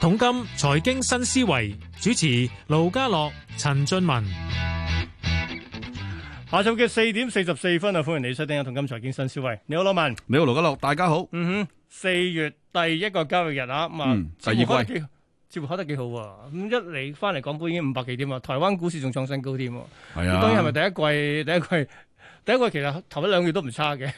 統金財經新思維主持盧家樂、陳俊文，下晝嘅四點四十四分啊，歡迎你收聽《統金財經新思維》。你好，羅文。你好，盧家樂。大家好。嗯哼，四月第一個交易日啊，咁啊、嗯，第二季似乎開得似乎開得幾好喎，啊。咁一嚟翻嚟港股已經五百幾點啊，台灣股市仲創新高添。係啊。當然係咪第一季？第一季？第一季其實頭一兩個月都唔差嘅，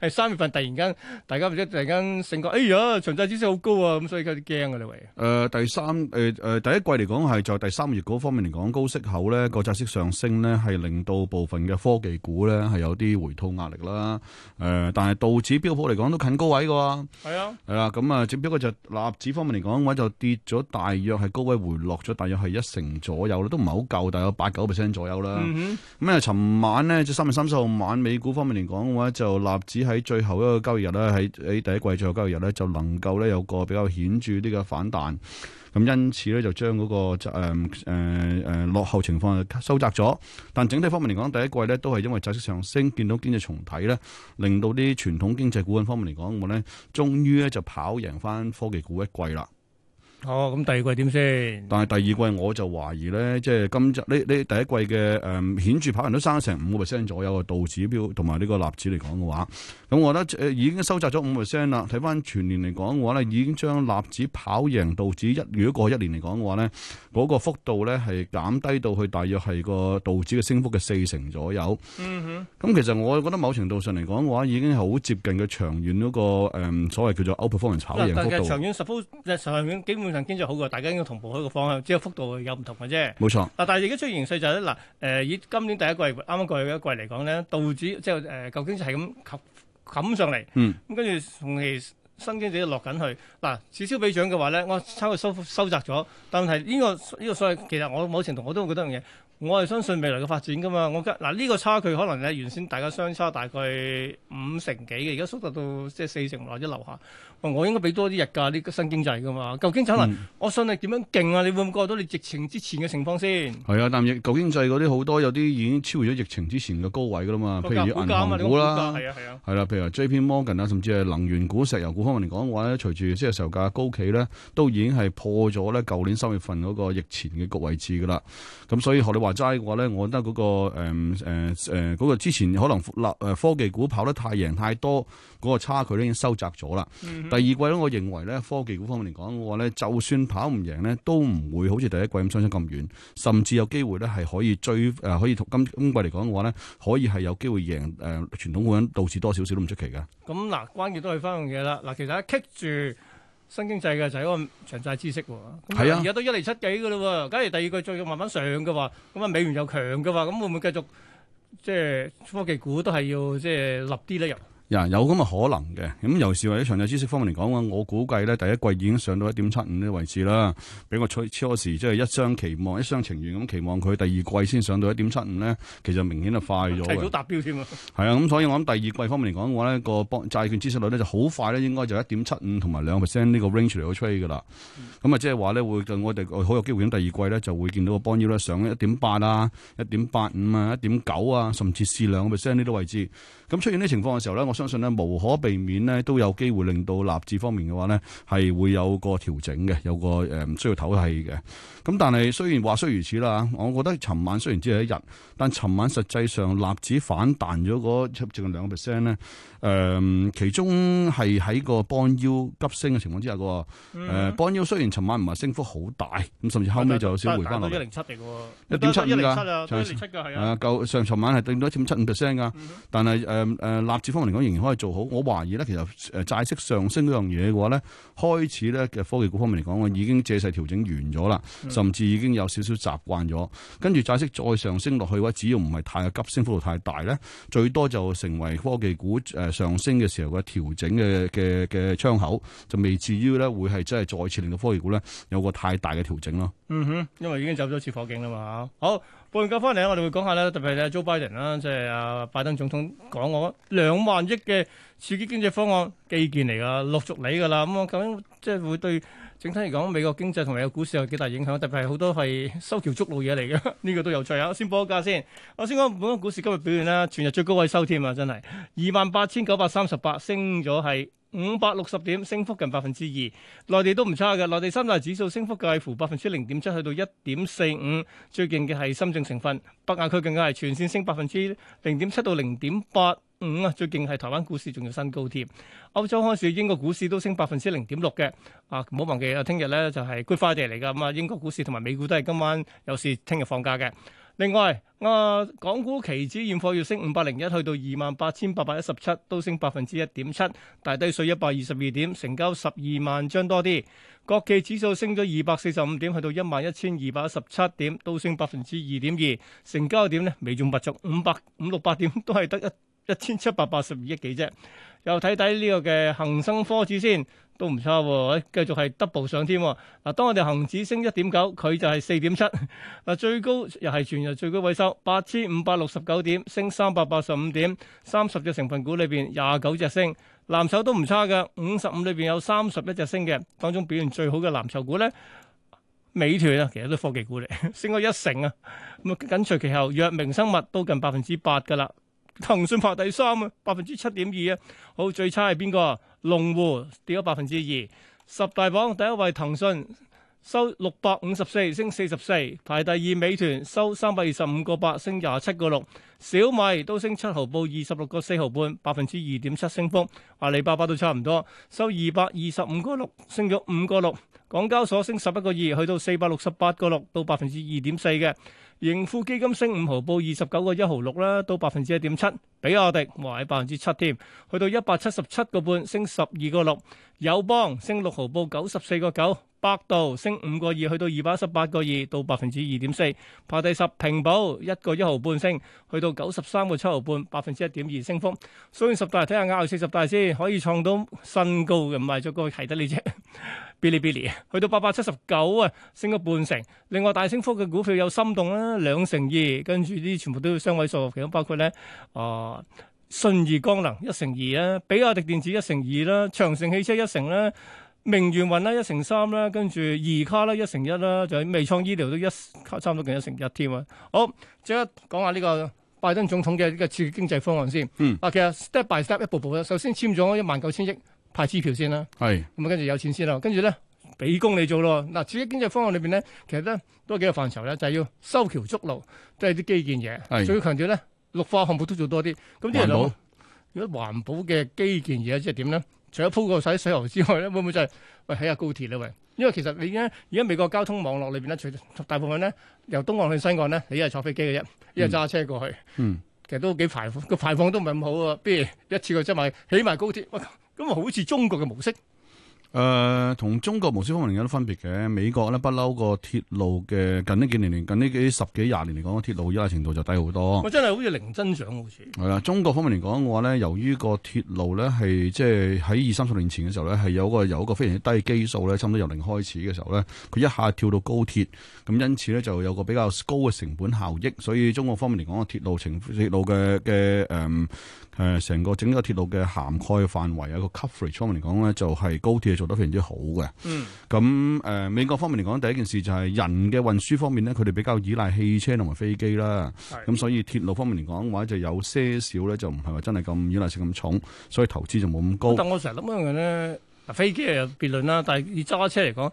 係三月份突然間大家唔知突然間成個哎呀，長債孳息好高啊，咁所以有啲驚噶啦，喂。誒，第三誒誒，第一季嚟講係在第三月嗰方面嚟講，高息口咧個債息上升咧，係令到部分嘅科技股咧係有啲回吐壓力啦。誒，但係道指標普嚟講都近高位噶。係啊。係啦，咁啊，只不過就納指方面嚟講，嘅話，就跌咗大約係高位回落咗大約係一成左右啦，都唔係好夠，大約八九 percent 左右啦。嗯哼。咁啊，尋晚咧就三月三十號。到晚美股方面嚟講嘅話，就納指喺最後一個交易日咧，喺喺第一季最後交易日咧，就能夠咧有個比較顯著啲嘅反彈。咁因此咧，就將嗰個誒誒誒落後情況收窄咗。但整體方面嚟講，第一季咧都係因為債息上升，見到經濟重啟咧，令到啲傳統經濟股份方面嚟講，我咧終於咧就跑贏翻科技股一季啦。哦，咁第二季點先？但係第二季我就懷疑咧，即係今集呢呢第一季嘅誒、呃、顯著跑贏都生成五個 percent 左右嘅道指標，同埋呢個納指嚟講嘅話，咁我覺得誒已經收窄咗五 percent 啦。睇翻全年嚟講嘅話咧，已經將納指跑贏道指一如果過去一年嚟講嘅話咧，嗰個幅度咧係減低到去大約係個道指嘅升幅嘅四成左右。嗯哼，咁、嗯嗯嗯、其實我覺得某程度上嚟講嘅話，已經係好接近嘅長遠嗰、那個誒所謂叫做 outperformance 跑贏幅度、嗯。但係長遠十 f 經，經濟好過，大家應該同步喺個方向，只有幅度有唔同嘅啫。冇錯。嗱，但係而家出現形勢就係、是、咧，嗱，誒，以今年第一季，啱啱過去嘅一季嚟講咧，道指即係誒、呃，究竟係咁冚上嚟，嗯，咁跟住同期新經濟落緊去。嗱，此消彼長嘅話咧，我差微收收窄咗，但係呢、這個呢、這個所謂，其實我某程度我都覺得樣嘢。嗯我係相信未來嘅發展噶嘛，我嘅嗱呢個差距可能咧原先大家相差大概五成幾嘅，而家縮窄到即係四成或者樓下。我應該俾多啲日價啲新經濟噶嘛？舊經濟可能，嗯、我信信點樣勁啊？你會唔會過到你疫情之前嘅情況先？係啊，但係舊經濟嗰啲好多有啲已經超越咗疫情之前嘅高位噶啦嘛，譬如銀行、啊、銀行股啦，係啊係啊，係啦，譬如 J.P.Morgan 啊，Morgan，甚至係能源股、石油股方面嚟講嘅話咧，隨住即係售價高企咧，都已經係破咗咧舊年三月份嗰個疫情嘅高位置噶啦。咁所以學你話。齋嘅話咧，我覺得嗰個誒誒誒個之前可能立誒科技股跑得太贏太多，嗰個差距咧已經收窄咗啦。第二季咧，我認為咧科技股方面嚟講嘅話咧，就算跑唔贏咧，都唔會好似第一季咁相差咁遠，甚至有機會咧係可以追誒，可以同今今季嚟講嘅話咧，可以係有機會贏誒傳統股，導致多少少都唔出奇嘅。咁嗱，關鍵都係翻樣嘢啦。嗱，其實一棘住。新經濟嘅就係嗰個長債孳息喎，啊而家都一零七幾嘅啦喎，假如第二季再要慢慢上嘅話，咁啊美元又強嘅話，咁會唔會繼續即係科技股都係要即係立啲咧入？呀，有咁嘅可能嘅。咁尤其是嘅長債孳息方面嚟講嘅，我估計咧第一季已經上到一點七五呢個位置啦。俾我初初時即係、就是、一廂期望，一廂情願咁期望佢第二季先上到一點七五咧，其實明顯就快咗。提早達標添啊！係啊，咁所以我諗第二季方面嚟講嘅話呢個幫債券孳息率咧就好快咧，應該就一點七五同埋兩 percent 呢個 range 嚟去 trade 啦。咁啊、嗯，即係話咧會我哋好有機會咁第二季咧就會見到個 bond yield 咧上一點八啊、一點八五啊、一點九啊，甚至是兩、兩個 percent 呢啲位置。咁出現呢情況嘅時候咧，我相信咧，無可避免咧，都有機會令到納指方面嘅話咧，係會有個調整嘅，有個唔需要唞氣嘅。咁但係雖然話雖如此啦，我覺得尋晚雖然只係一日，但尋晚實際上納指反彈咗嗰接近兩個 percent 咧。誒、呃，其中係喺個邦 U 急升嘅情況之下嘅喎。誒，邦 U、嗯哼呃、雖然尋晚唔係升幅好大，咁甚至後尾就有少回翻落一零七定喎，一點七五啊，一零七啊，舊、啊、上尋晚係定咗一點七五 percent 㗎，嗯、哼但係誒誒納指方面嚟講。仍然可以做好，我懷疑咧，其實誒債息上升嗰樣嘢嘅話咧，開始咧嘅科技股方面嚟講，已經借勢調整完咗啦，甚至已經有少少習慣咗。跟住債息再上升落去嘅話，只要唔係太急升幅度太大咧，最多就成為科技股誒上升嘅時候嘅調整嘅嘅嘅窗口，就未至於咧會係真係再次令到科技股咧有個太大嘅調整咯。嗯哼，因為已經走咗次火警啦嘛，好，半個翻嚟咧，我哋會講下咧，特別係阿 Joe Biden 啦，即係阿拜登總統講我兩萬億嘅刺激經濟方案基建嚟噶，陸續嚟噶啦，咁我究竟即係會對整體嚟講美國經濟同埋個股市有幾大影響？特別係好多係收橋捉路嘢嚟嘅，呢個都有在啊！先報個價先。我先講本港股市今日表現啦，全日最高位收添啊，真係二萬八千九百三十八，升咗係五百六十點，升幅近百分之二。內地都唔差嘅，內地三大指數升幅介乎百分之零點七，去到一點四五。最勁嘅係深證成分，北亞區更加係全線升百分之零點七到零點八。五啊、嗯，最近係台灣股市仲有新高添。歐洲開市，英國股市都升百分之零點六嘅。啊，唔好忘記啊，聽日咧就係 Good Friday 嚟噶。咁、嗯、啊，英國股市同埋美股都係今晚有事，聽日放假嘅。另外啊，港股期指現貨要升五百零一，去到二萬八千八百一十七，都升百分之一點七，大低水一百二十二點，成交十二萬張多啲。國企指數升咗二百四十五點，去到一萬一千二百一十七點，都升百分之二點二，成交點咧美中不足，五百五六百點都係得一。一千七百八十二億幾啫，又睇睇呢個嘅恒生科指先，都唔差、哦，繼、欸、續係 double 上添。嗱，當我哋恒指升一點九，佢就係四點七。嗱，最高又係全日最高位收八千五百六十九點，升三百八十五點，三十隻成分股裏邊廿九隻升，藍籌都唔差嘅。五十五裏邊有三十一隻升嘅，當中表現最好嘅藍籌股咧，美團啊，其實都科技股嚟， 升咗一成啊，咁緊隨其後，藥明生物都近百分之八噶啦。騰訊排第三啊，百分之七點二啊。好，最差係邊個？龍湖跌咗百分之二。十大榜第一位，騰訊收六百五十四，升四十四。排第二，美團收三百二十五個八，升廿七個六。小米都升七毫半，二十六個四毫半，百分之二點七升幅。阿里巴巴都差唔多，收二百二十五個六，升咗五個六。港交所升十一個二，去到四百六十八個六，到百分之二點四嘅。盈富基金升五毫報 6,，報二十九個一毫六啦，到百分之一點七。比亞迪賣百分之七添，去到一百七十七個半，升十二個六。友邦升六毫，報九十四個九。百度升五個二，去到二百一十八個二，到百分之二點四。排第十，平保一個一毫半升，去到九十三個七毫半，百分之一點二升幅。所以十大睇下，咬四十大先可以創到新高嘅，唔係再過去係得你啫。嗶哩嗶哩啊，去到八百七十九啊，升咗半成。另外大升幅嘅股票有心動啦，兩成二，跟住啲全部都要雙位數嘅，其中包括咧啊、呃、信義光能一成二啦，比亞迪電子一成二啦，長城汽車一成啦，明源雲啦一成三啦，跟住二卡啦一成一啦，仲有微創醫療都一差唔多勁一成一添啊。好，即刻講下呢個拜登總統嘅呢個刺激經濟方案先。嗯。啊，其實 step by step 一步步啦，首先簽咗一萬九千億。派支票先啦，係咁啊。跟住有錢先啦，跟住咧俾工你做咯。嗱、呃，刺激經濟方案裏邊咧，其實咧都幾個範疇咧，就係、是、要修橋築路，即係啲基建嘢。係是，最強調咧綠化項目都做多啲。咁、嗯、啲人環保如果環保嘅基建嘢即係點咧？除咗鋪個洗水喉之外咧，會唔會就係、是、喂起下高鐵咧？喂，因為其實你而家而家美國交通網絡裏邊咧，除大部分咧由東岸去西岸咧，你一係坐飛機嘅啫，一係揸車過去。嗯，其實都幾排放個排放都唔係咁好啊，不如一次過執埋起埋高鐵。咁啊，好似中國嘅模式。誒，同、呃、中國某些方面有啲分別嘅。美國咧不嬲個鐵路嘅近呢幾年年近呢幾十幾廿年嚟講，個鐵路依賴程度就低好多。真係好似零增長好似。係啦，中國方面嚟講嘅話咧，由於個鐵路咧係即係喺二三十年前嘅時候咧，係有個有一個非常之低基數差唔多由零開始嘅時候咧，佢一下跳到高鐵，咁因此咧就有個比較高嘅成本效益。所以中國方面嚟講個鐵路程，鐵路嘅嘅誒誒，成、嗯呃、個整個鐵路嘅涵蓋範圍有個 coverage 方面嚟講咧，就係高鐵。做得非常之好嘅，咁誒、嗯呃、美國方面嚟講，第一件事就係人嘅運輸方面咧，佢哋比較依賴汽車同埋飛機啦，咁是所以鐵路方面嚟講嘅話，就有些少咧，就唔係話真係咁依賴性咁重，所以投資就冇咁高。但我成日諗一樣嘢咧，飛機係有別論啦，但係要揸車嚟講。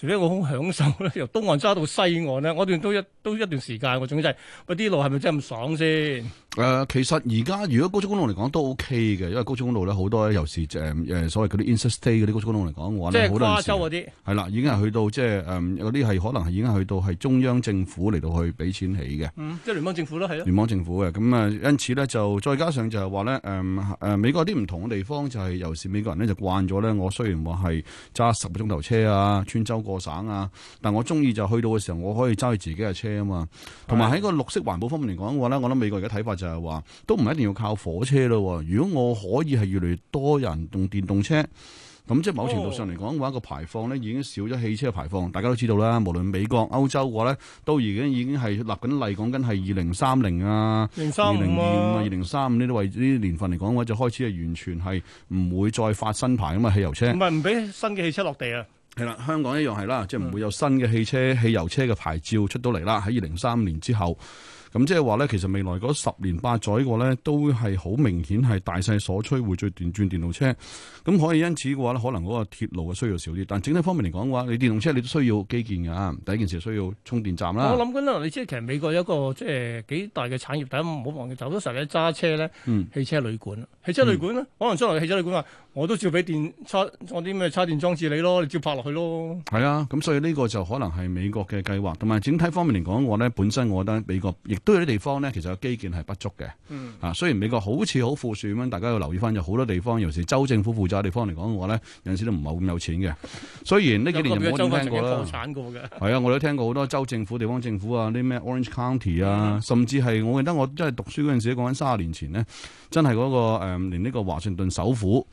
除非我好享受咧，由東岸揸到西岸咧，我段都一都一段時間，我總之係嗰啲路係咪真係咁爽先？誒、呃，其實而家如果高速公路嚟講都 OK 嘅，因為高速公路咧好多，尤其誒誒所謂嗰啲 interstate 嗰啲高速公路嚟講嘅話咧，即係洲嗰啲係啦，已經係去到即係誒嗰啲係可能係已經去到係中央政府嚟到去俾錢起嘅。即係、嗯、聯邦政府咯，係咯、嗯。聯邦政府嘅咁啊，嗯、因此咧就再加上就係話咧誒誒美國啲唔同嘅地方就係、是、尤其美國人咧就慣咗咧，我雖然話係揸十個鐘頭車啊，穿州。個省啊，但我中意就去到嘅時候，我可以揸自己嘅車啊嘛。同埋喺個綠色環保方面嚟講嘅話咧，我諗美國而家睇法就係話，都唔一定要靠火車咯。如果我可以係越嚟越多人用電動車，咁即係某程度上嚟講嘅話，哦、個排放咧已經少咗汽車嘅排放。大家都知道啦，無論美國、歐洲嘅話咧，都已經已經係立緊例，講緊係二零三零啊、二零二五啊、二零三五呢啲位呢啲年份嚟講嘅話，就開始係完全係唔會再發新牌咁嘅汽油車，唔係唔俾新嘅汽車落地啊。係啦，香港一樣係啦，即係唔會有新嘅汽車、汽油車嘅牌照出到嚟啦，喺二零三五年之後。咁即係話咧，其實未來十年八載個咧，都係好明顯係大勢所趨，會再電轉電動車。咁可以因此嘅話咧，可能嗰個鐵路嘅需要少啲，但整體方面嚟講嘅話，你電動車你都需要基建嘅。第一件事係需要充電站啦。我諗緊啦，你知其實美國有一個即係幾大嘅產業，大家唔好忘記，好多時候揸車咧，汽車旅館，嗯、汽車旅館咧，可能將來汽車旅館啊，我都照俾電叉，我啲咩叉電裝置你咯，你照拍落去咯。係啊，咁所以呢個就可能係美國嘅計劃，同埋整體方面嚟講嘅話咧，本身我覺得美國都有啲地方咧，其實有基建係不足嘅。嗯、啊，雖然美國好似好富庶咁樣，大家要留意翻，有好多地方，尤其是州政府負責嘅地方嚟講嘅話咧，有陣時都唔係咁有錢嘅。雖然呢幾年唔可以聽到嘅？係啊，我都聽過好多州政府、地方政府啊，啲咩 Orange County 啊，嗯、甚至係我記得我真係讀書嗰陣時，講緊三十年前咧，真係嗰、嗰個誒連呢個華盛頓首府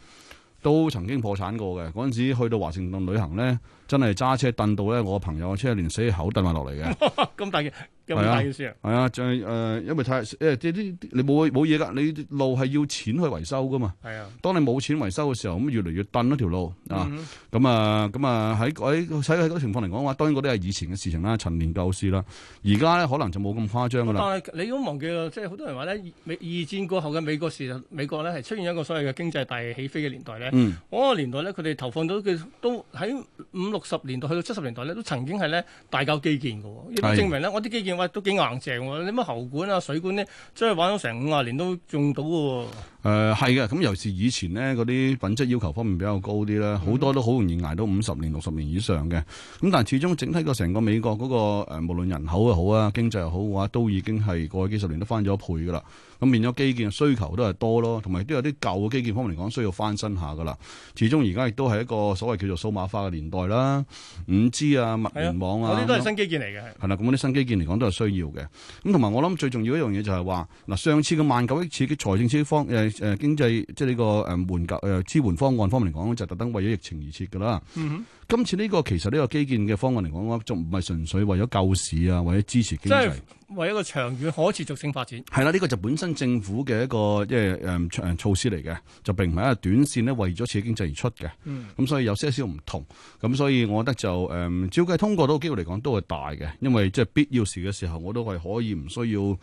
都曾經破產過嘅。嗰陣時去到華盛頓旅行咧。真係揸車扽到咧！我個朋友個車連死口扽落嚟嘅。咁大件，咁大件事啊！係啊，就係誒，因為太，因為啲你冇冇嘢噶，你,你路係要錢去維修噶嘛。係啊，當你冇錢維修嘅時候，咁越嚟越扽咯條路啊。咁、嗯嗯嗯呃哎哎、啊，咁啊，喺喺睇喺嗰個情況嚟講嘅話，當然嗰啲係以前嘅事情啦，陳年舊事啦。而家咧可能就冇咁誇張啦。但係你都忘記啊，即係好多人話咧，美二戰過後嘅美國時代，美國咧係出現一個所謂嘅經濟大起飛嘅年代咧。嗰、mm. 個年代咧，佢哋投放到嘅都喺五。六十年代去到七十年代咧，都曾經係咧大搞基建嘅，亦都證明咧我啲基建哇、哎、都幾硬淨喎，啲乜喉管啊、水管咧，真係玩咗成五十年都用到嘅。誒係嘅，咁尤其、呃、是，是以前咧嗰啲品質要求方面比較高啲啦，好、嗯、多都好容易捱到五十年、六十年以上嘅。咁但係始終整體個成個美國嗰、那個誒、呃，無論人口又好啊，經濟又好嘅話，都已經係過去幾十年都翻咗一倍噶啦。咁變咗基建嘅需求都係多咯，同埋都有啲舊嘅基建方面嚟講需要翻新下噶啦。始終而家亦都係一個所謂叫做數碼化嘅年代啦，五 G 啊、物聯網啊，嗰啲都係新基建嚟嘅。係啦，咁嗰啲新基建嚟講都係需要嘅。咁同埋我諗最重要一樣嘢就係話，嗱，上次嘅萬九億刺激嘅財政刺激方誒。誒經濟即係、這、呢個誒緩救、呃、支援方案方面嚟講，就特登為咗疫情而設嘅啦。嗯、哼今次呢、這個其實呢個基建嘅方案嚟講，我仲唔係純粹為咗救市啊，為咗支持經濟，為一個長遠可持續性發展。係啦，呢、這個就本身政府嘅一個即係誒措施嚟嘅，就並唔係一個短線咧，為咗刺激經濟而出嘅。咁、嗯、所以有些少唔同。咁所以我覺得就誒，照、嗯、計通過到機會嚟講，都係大嘅，因為即係必要時嘅時候，我都係可以唔需要。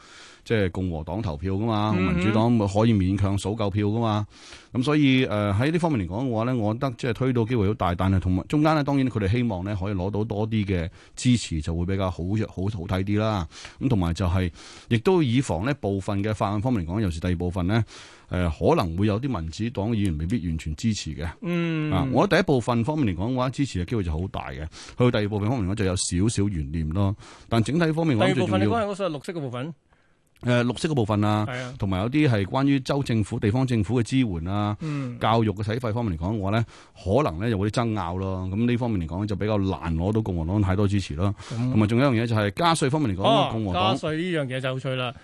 即係共和黨投票噶嘛，民主黨可以勉強數夠票噶嘛。咁所以誒喺呢方面嚟講嘅話咧，我覺得即係推到機會好大，但係同埋中間咧，當然佢哋希望咧可以攞到多啲嘅支持，就會比較好好好睇啲啦。咁同埋就係、是、亦都以防呢部分嘅法案方面嚟講，尤其是第二部分咧誒、呃，可能會有啲民主黨議員未必完全支持嘅。嗯，啊，我覺得第一部分方面嚟講嘅話，支持嘅機會就好大嘅。去到第二部分方面講就有少少懸念咯。但整體方面，第二部分講係綠色嘅部分。誒、呃、綠色嘅部分啊，同埋、啊、有啲係關於州政府、地方政府嘅支援啊，嗯、教育嘅使費方面嚟講嘅話呢，我咧可能咧有啲爭拗咯。咁呢方面嚟講，就比較難攞到共和黨太多支持咯。同埋仲有一樣嘢就係加稅方面嚟講，啊、共和黨加稅呢樣嘢就好趣啦。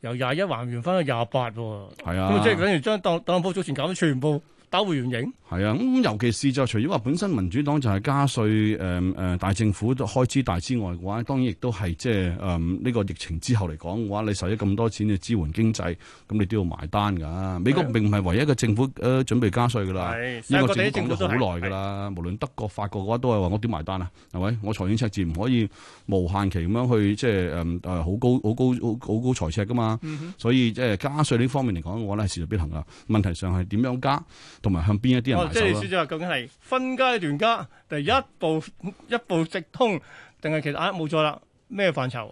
由廿一還完翻去廿八喎。係啊，嗯、即係等如將黨黨部早前搞到全部。打回原形？係啊，咁尤其是就，除咗話本身民主黨就係加稅，誒、呃、誒，大政府都開支大之外嘅話，當然亦都係即係誒呢個疫情之後嚟講嘅話，你受咗咁多錢去、呢個、支援經濟，咁你都要埋單噶、啊。美國並唔係唯一嘅政府誒、呃、準備加稅噶啦，呢個的政府講咗好耐噶啦。無論德國、法國嘅話，都係話我點埋單啊？係咪？我財政赤字唔可以無限期咁樣去即係誒誒好高好高好高好高財赤噶嘛？嗯、哼所以即係加稅呢方面嚟講嘅話咧，係勢在必行啊。問題上係點樣加？同埋向邊一啲人埋手咧？即係你意思話究竟係分階段加，第一步一步直通，定係其實啊冇錯啦，咩範疇？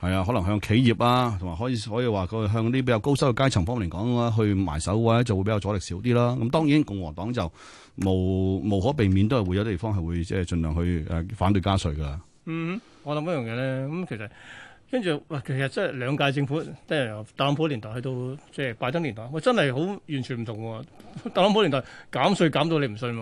係啊，可能向企業啊，同埋可以可以話佢向啲比較高收入階層方面嚟講啦，去埋手嘅話，就會比較阻力少啲啦、啊。咁當然共和黨就無無可避免都係會有啲地方係會即係儘量去誒反對加稅㗎。嗯，我諗一樣嘢咧，咁其實。跟住，其實即係兩屆政府，即係特朗普年代去到即係拜登年代，喂、哎，真係好完全唔同喎。特朗普年代減稅減到你唔信，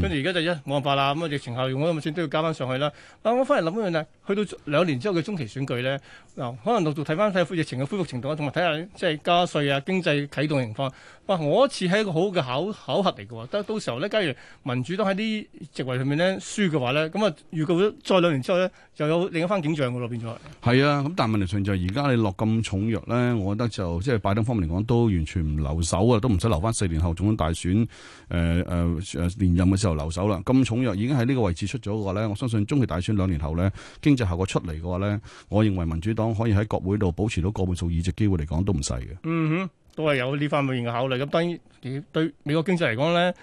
跟住而家就一、是、冇辦法啦。咁啊疫情效應，我諗咪先都要加翻上去啦。但我反而諗一樣嘢，去到兩年之後嘅中期選舉咧，嗱、啊、可能陸續睇翻睇下疫情嘅恢復程度，同埋睇下即係加稅啊、經濟啟動情況。哇、啊，我一次似係一個好嘅考考核嚟嘅喎。得到時候咧，假如民主黨喺啲席位上面咧輸嘅話咧，咁啊預告咗再兩年之後咧就有另一番景象嘅咯，變咗係。啊。但問題上就係而家你落咁重藥咧，我覺得就即係拜登方面嚟講，都完全唔留手啊，都唔使留翻四年後總統大選誒誒、呃呃、連任嘅時候留守啦。咁重藥已經喺呢個位置出咗嘅話咧，我相信中期大選兩年後咧經濟效果出嚟嘅話咧，我認為民主黨可以喺國會度保持到過半數議席機會嚟講都唔細嘅。嗯哼，都係有呢方面嘅考慮。咁當然，對美國經濟嚟講咧。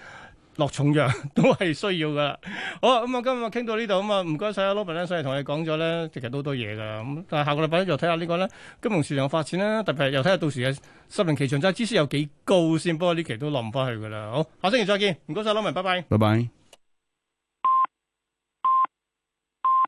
落重藥都係需要噶。好，咁、嗯、我今日傾到、嗯、呢度，咁啊唔該晒。阿 Robert 咧，所以同你講咗咧，其實好多嘢噶。咁、嗯、但係下個禮拜就睇下呢個咧，金融市場發展啦，特別係又睇下到時嘅十年期長債孳息有幾高先，不過呢期都落唔翻去噶啦。好，下星期再見，唔該晒。Robert 拜拜，拜拜。拜拜。